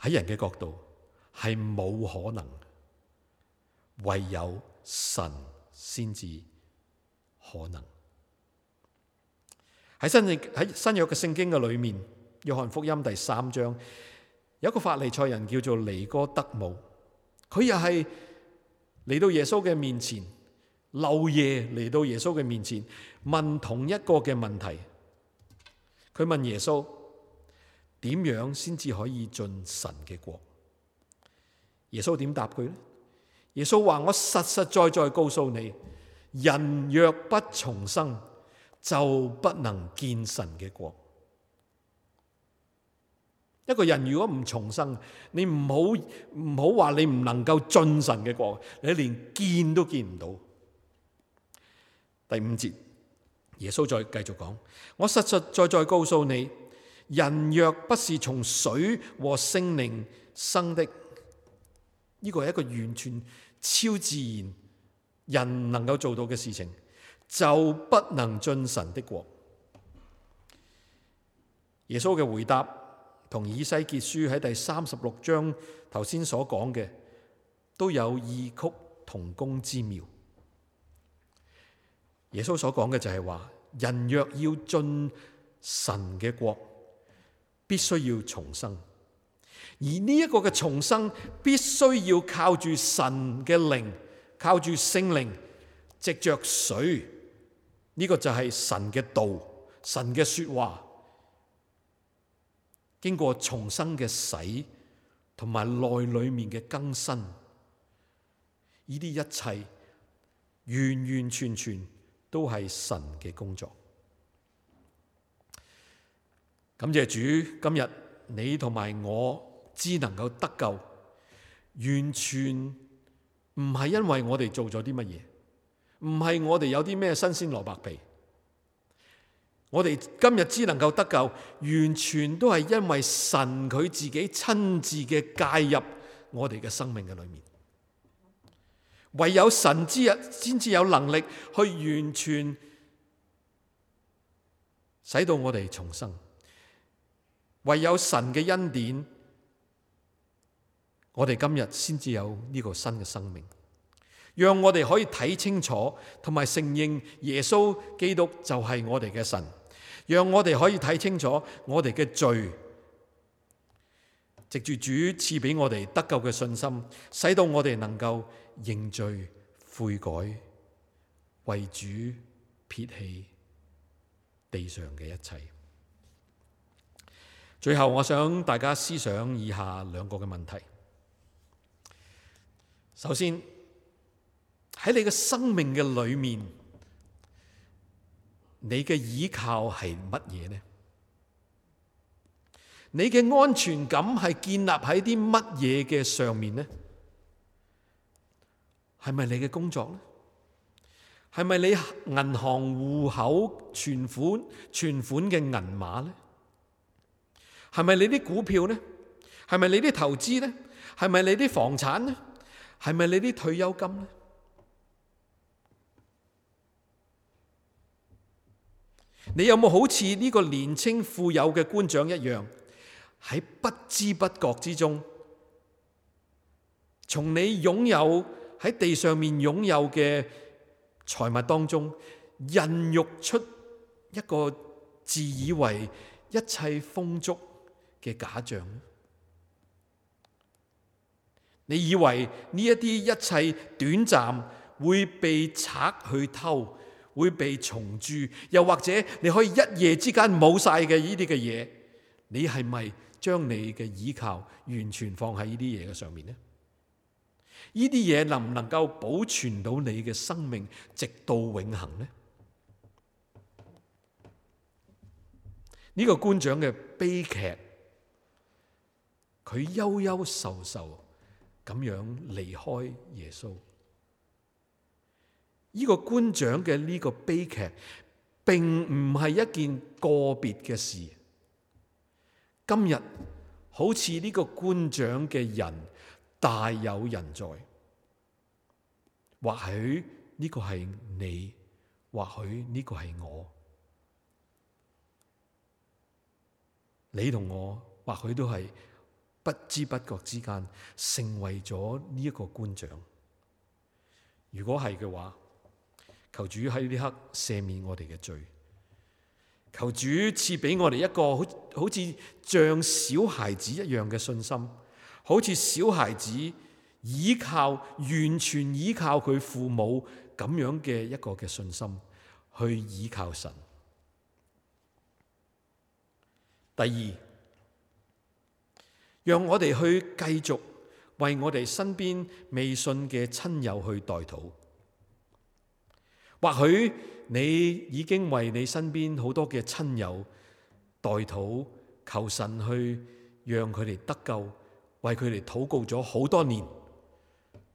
喺人嘅角度，係冇可能，唯有神先至可能。喺新正喺新約嘅聖經嘅裏面，約翰福音第三章有一個法利賽人叫做尼哥德姆，佢又係嚟到耶穌嘅面前，漏夜嚟到耶穌嘅面前問同一個嘅問題，佢問耶穌點樣先至可以進神嘅國？耶穌點答佢呢？耶穌話：我實實在在告訴你，人若不重生，就不能見神嘅國。一個人如果唔重生，你唔好唔好話你唔能夠進神嘅國，你連見都見唔到。第五節，耶穌再繼續講：我實實在在告訴你，人若不是從水和聖靈生的，呢、這個係一個完全超自然，人能夠做到嘅事情。就不能進神的國。耶穌嘅回答同以西結書喺第三十六章頭先所講嘅都有異曲同工之妙。耶穌所講嘅就係話，人若要進神嘅國，必須要重生。而呢一個嘅重生，必須要靠住神嘅靈，靠住聖靈，藉着水。呢個就係神嘅道，神嘅說話，經過重生嘅洗，同埋內裏面嘅更新，呢啲一切完完全全都係神嘅工作。感謝主，今日你同埋我只能夠得救，完全唔係因為我哋做咗啲乜嘢。唔係我哋有啲咩新鮮蘿蔔皮，我哋今日只能夠得救，完全都係因為神佢自己親自嘅介入我哋嘅生命嘅裏面。唯有神之日，先至有能力去完全使到我哋重生。唯有神嘅恩典，我哋今日先至有呢個新嘅生命。讓我哋可以睇清楚，同埋承認耶穌基督就係我哋嘅神。讓我哋可以睇清楚我哋嘅罪，藉住主賜俾我哋得救嘅信心，使到我哋能夠認罪悔改，為主撇棄地上嘅一切。最後，我想大家思想以下兩個嘅問題。首先。喺你嘅生命嘅裏面，你嘅依靠係乜嘢呢？你嘅安全感係建立喺啲乜嘢嘅上面呢？係咪你嘅工作呢？係咪你銀行戶口存款存款嘅銀碼呢？係咪你啲股票呢？係咪你啲投資呢？係咪你啲房產呢？係咪你啲退休金呢？你有冇好似呢個年青富有嘅官長一樣，喺不知不覺之中，從你擁有喺地上面擁有嘅財物當中，孕育出一個自以為一切豐足嘅假象？你以為呢一啲一切短暫會被賊去偷？會被蟲蛀，又或者你可以一夜之間冇晒嘅呢啲嘅嘢，你係咪將你嘅倚靠完全放喺呢啲嘢嘅上面呢？呢啲嘢能唔能夠保存到你嘅生命直到永恆呢？呢、呢個官長嘅悲劇，佢憂憂愁愁咁樣離開耶穌。呢個官長嘅呢個悲劇，並唔係一件個別嘅事。今日好似呢個官長嘅人大有人在，或許呢個係你，或許呢個係我，你同我或許都係不知不覺之間成為咗呢一個官長。如果係嘅話。求主喺呢刻赦免我哋嘅罪，求主賜俾我哋一個好好似像小孩子一樣嘅信心，好似小孩子依靠完全依靠佢父母咁樣嘅一個嘅信心去依靠神。第二，讓我哋去繼續為我哋身邊未信嘅親友去代禱。或許你已經為你身邊好多嘅親友代禱，求神去讓佢哋得救，為佢哋禱告咗好多年，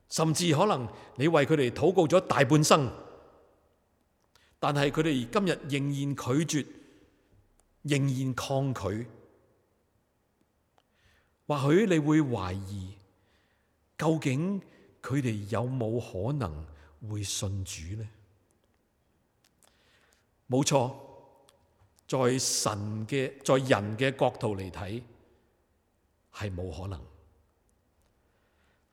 甚至可能你為佢哋禱告咗大半生，但係佢哋今日仍然拒絕，仍然抗拒。或許你會懷疑，究竟佢哋有冇可能會信主呢？冇錯，在神嘅、在人嘅角度嚟睇，係冇可能，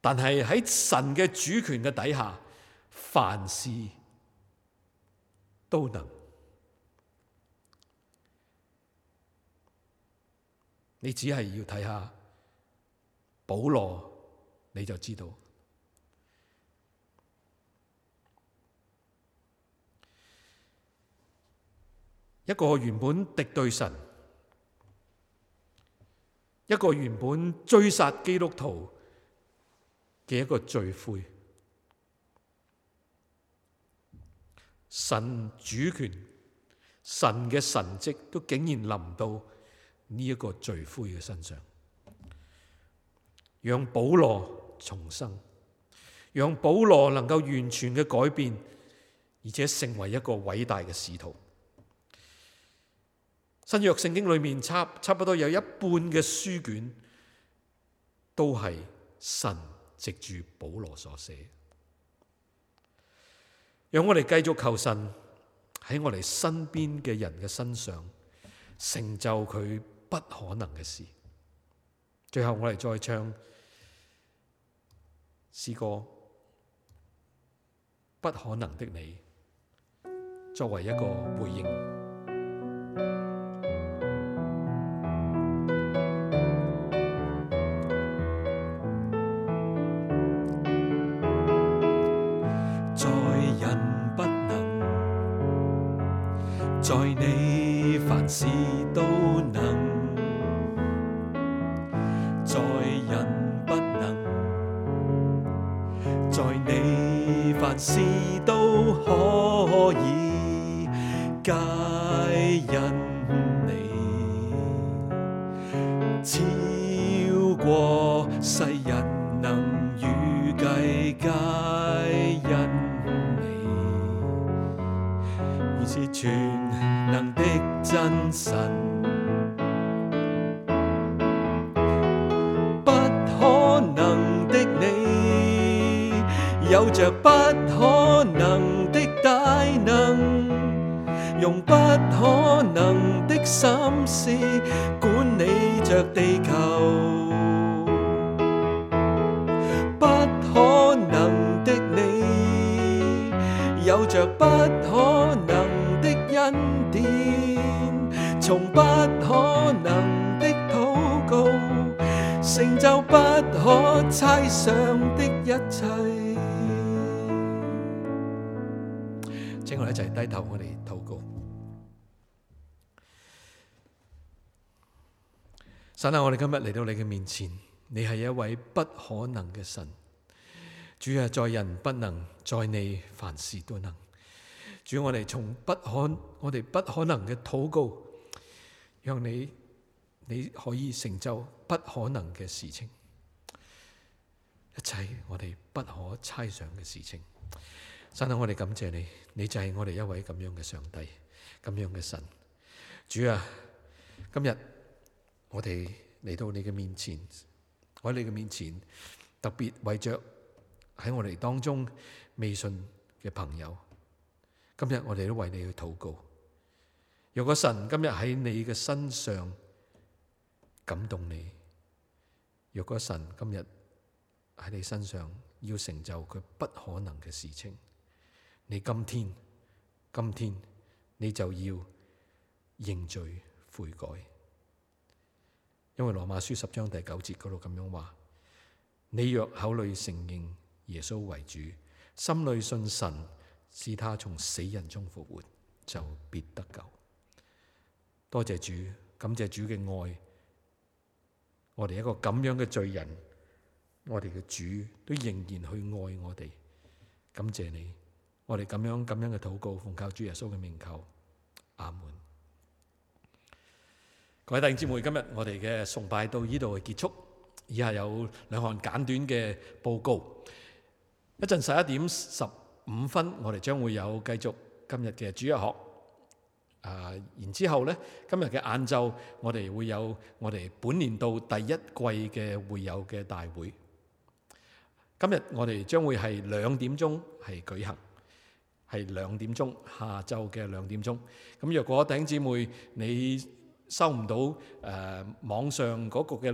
但係喺神嘅主權嘅底下，凡事都能。你只係要睇下，保羅，你就知道。一個原本敵對神，一個原本追殺基督徒嘅一個罪魁，神主權、神嘅神蹟都竟然臨到呢一個罪魁嘅身上，讓保羅重生，讓保羅能夠完全嘅改變，而且成為一個偉大嘅使徒。新約聖經裏面，差差不多有一半嘅書卷都係神藉住保羅所寫。讓我哋繼續求神喺我哋身邊嘅人嘅身上成就佢不可能嘅事。最後我哋再唱詩歌《不可能的你》，作為一個回應。
事都可以。
神啊，我哋今日嚟到你嘅面前，你係一位不可能嘅神，主啊，在人不能，在你凡事都能。主，我哋從不可我哋不可能嘅禱告，讓你你可以成就不可能嘅事情，一切我哋不可猜想嘅事情。神啊，我哋感謝你，你就係我哋一位咁樣嘅上帝，咁樣嘅神，主啊，今日。我哋嚟到你嘅面前，我喺你嘅面前，特別為着喺我哋當中未信嘅朋友，今日我哋都為你去禱告。若果神今日喺你嘅身上感動你，若果神今日喺你身上要成就佢不可能嘅事情，你今天，今天你就要認罪悔改。因為羅馬書十章第九節嗰度咁樣話：，你若口裏承認耶穌為主，心裏信神，使他從死人中復活，就必得救。多謝主，感謝主嘅愛，我哋一個咁樣嘅罪人，我哋嘅主都仍然去愛我哋。感謝你，我哋咁樣咁樣嘅禱告奉靠主耶穌嘅名求，阿門。各位弟兄姊妹，今日我哋嘅崇拜到呢度嘅結束。以下有兩項簡短嘅報告。一陣十一點十五分，我哋將會有繼續今日嘅主日學。啊，然之後呢，今日嘅晏晝，我哋會有我哋本年度第一季嘅會友嘅大會。今日我哋將會係兩點鐘係舉行，係兩點鐘下晝嘅兩點鐘。咁若果弟兄姊妹你，收唔到誒、呃，網上嗰
個嘅。